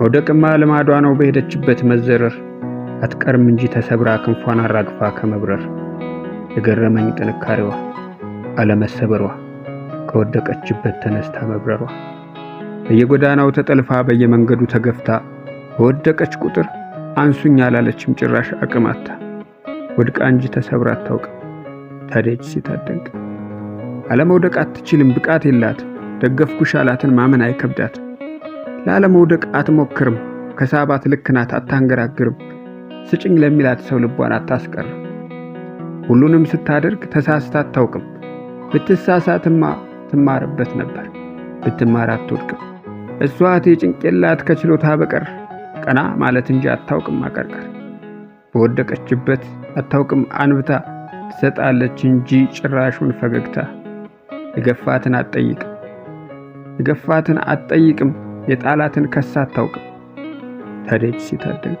መውደቅማ ልማዷ ነው በሄደችበት መዘረር አትቀርም እንጂ ተሰብራ ክንፏን አራግፋ ከመብረር የገረመኝ ጥንካሬዋ አለመሰበሯ ከወደቀችበት ተነስታ መብረሯ በየጎዳናው ተጠልፋ በየመንገዱ ተገፍታ በወደቀች ቁጥር አንሱኝ አላለችም ጭራሽ አቅማታ ወድቃ እንጂ ተሰብራ አታውቅ ታዲያች ሲታደንቅ አለመውደቅ አትችልም ብቃት የላት ደገፍኩሽ አላትን ማመን አይከብዳት ላለመውደቅ አትሞክርም። ከሳባት ልክ ናት፣ አታንገራግርም። ስጭኝ ለሚላት ሰው ልቧን አታስቀርም። ሁሉንም ስታደርግ ተሳስታ አታውቅም። ብትሳሳትማ ትማርበት ነበር፣ ብትማር አትወድቅም። እሷ እቴ ጭንቅ ከችሎታ በቀር ቀና ማለት እንጂ አታውቅም አቀርቀር። በወደቀችበት አታውቅም አንብታ ትሰጣለች እንጂ ጭራሹን ፈገግታ የገፋትን አትጠይቅም የገፋትን አትጠይቅም። የጣላትን ከሳ አታውቅም ተደጅ ሲታደግ